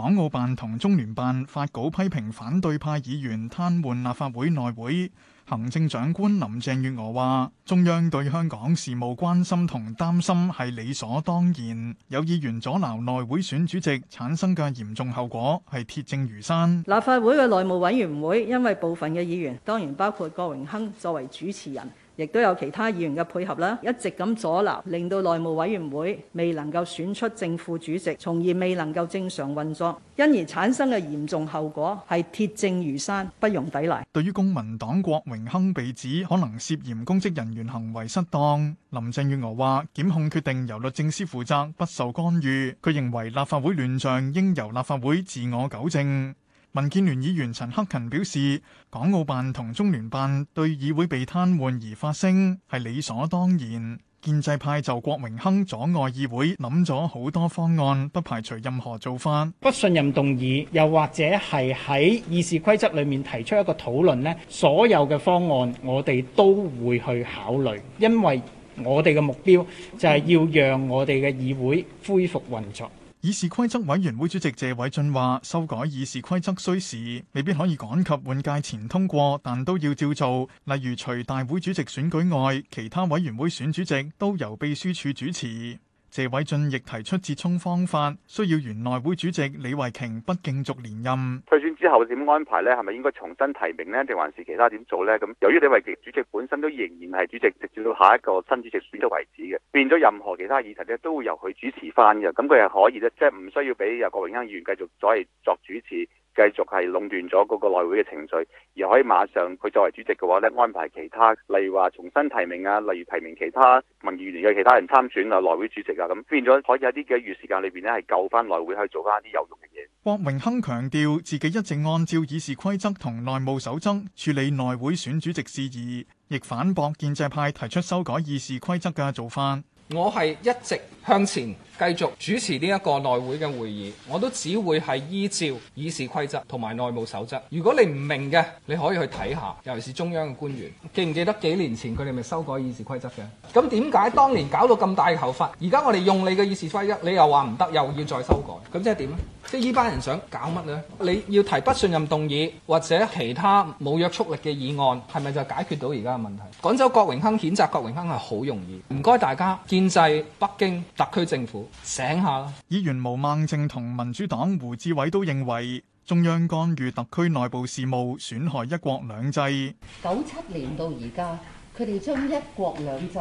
港澳辦同中聯辦發稿批評反對派議員癱瘓立法會內會，行政長官林鄭月娥話：中央對香港事務關心同擔心係理所當然。有議員阻撓內會選主席產生嘅嚴重後果係鐵證如山。立法會嘅內務委員會因為部分嘅議員，當然包括郭榮鏗作為主持人。亦都有其他議員嘅配合啦，一直咁阻撓，令到內務委員會未能夠選出正副主席，從而未能夠正常運作，因而產生嘅嚴重後果係鐵證如山，不容抵賴。對於公民黨郭榮鏗被指可能涉嫌公職人員行為失當，林鄭月娥話檢控決定由律政司負責，不受干預。佢認為立法會亂象應由立法會自我糾正。民建聯議員陳克勤表示，港澳辦同中聯辦對議會被癱瘓而發聲係理所當然。建制派就郭榮鏗阻礙議會諗咗好多方案，不排除任何做法。不信任動議，又或者係喺議事規則裏面提出一個討論呢，所有嘅方案我哋都會去考慮，因為我哋嘅目標就係要讓我哋嘅議會恢復運作。議事規則委員會主席謝偉俊話，修改議事規則需時，未必可以趕及換屆前通過，但都要照做。例如，除大會主席選舉外，其他委員會選主席都由秘書處主持。謝偉俊亦提出折衷方法，需要原內會主席李慧瓊不競逐連任。之後點安排呢？係咪應該重新提名呢？定還是其他點做呢？咁由於李慧瓊主席本身都仍然係主席，直至到下一個新主席選咗為止嘅，變咗任何其他議題呢都會由佢主持翻嘅。咁佢係可以咧，即係唔需要俾有郭榮鏗議員繼續再作主持，繼續係壟斷咗嗰個內會嘅程序，而可以馬上佢作為主席嘅話呢，安排其他，例如話重新提名啊，例如提名其他民建聯嘅其他人參選啊，內會主席啊，咁變咗可以喺啲幾個月時間裏邊呢係救翻內會去做翻一啲有用嘅嘢。郭榮鏗強調自己一直按照議事規則同內務守則處理內會選主席事宜，亦反駁建制派提出修改議事規則嘅做法。我係一直向前繼續主持呢一個內會嘅會議，我都只會係依照議事規則同埋內務守則。如果你唔明嘅，你可以去睇下，尤其是中央嘅官員記唔記得幾年前佢哋咪修改議事規則嘅？咁點解當年搞到咁大嘅頭發？而家我哋用你嘅議事規則，你又話唔得，又要再修改，咁即係點咧？即係呢班人想搞乜呢？你要提不信任動議或者其他冇約束力嘅議案，係咪就解決到而家嘅問題？趕走郭榮鏗、譴責郭榮鏗係好容易，唔該大家建制、北京、特區政府醒下啦。議員毛孟靜同民主黨胡志偉都認為中央干預特區內部事務，損害一國兩制。九七年到而家，佢哋將一國兩制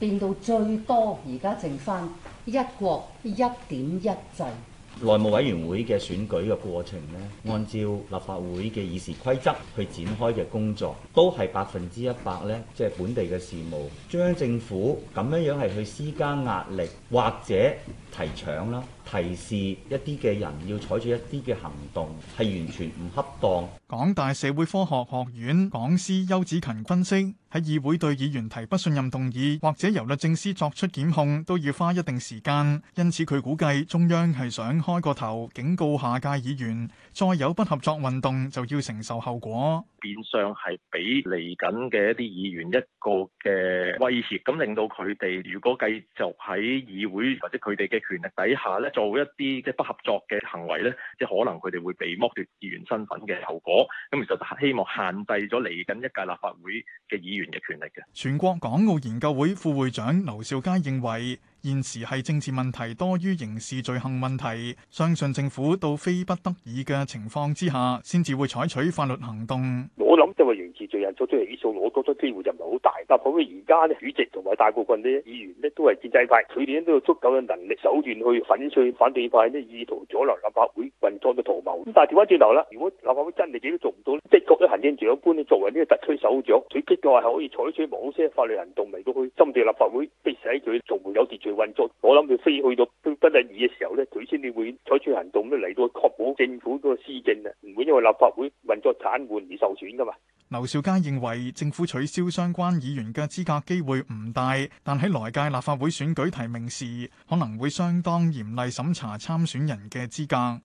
變到最多，而家剩翻一國一點一制。內務委員會嘅選舉嘅過程呢，按照立法會嘅議事規則去展開嘅工作，都係百分之一百呢，即係本地嘅事務。中央政府咁樣樣係去施加壓力，或者提倡啦，提示一啲嘅人要採取一啲嘅行動，係完全唔恰當。港大社會科學學院講師邱子勤分析。喺議會對議員提不信任動議，或者由律政司作出檢控，都要花一定時間。因此佢估計中央係想開個頭，警告下屆議員，再有不合作運動就要承受後果，變相係俾嚟緊嘅一啲議員一個嘅威脅，咁令到佢哋如果繼續喺議會或者佢哋嘅權力底下咧做一啲即係不合作嘅行為咧，即係可能佢哋會被剝奪議員身份嘅後果。咁其實希望限制咗嚟緊一屆立法會嘅議員。權力嘅，全國港澳研究會副會長劉兆佳認為，現時係政治問題多於刑事罪行問題，相信政府到非不得已嘅情況之下，先至會採取法律行動。我諗秩序人作出起訴，我覺得機會就唔係好大。但係，好而家咧，主席同埋大部分啲議員咧都係建制派，佢哋都有足夠嘅能力手段去粉碎反對派咧意圖阻撓立法會運作嘅圖謀。咁但係調翻轉頭啦，如果立法會真係自己做唔到，即係嗰啲行政長官咧作為呢個特區首長，佢即係話係可以採取某些法律行動嚟到去針對立法會，逼使佢從沒有秩序運作。我諗佢非去到都不得已嘅時候咧，佢先至會採取行動嚟到確保政府個施政啊，唔會因為立法會運作癱瘓而受損噶嘛。劉兆佳認為政府取消相關議員嘅資格機會唔大，但喺來屆立法會選舉提名時，可能會相當嚴厲審查參選人嘅資格。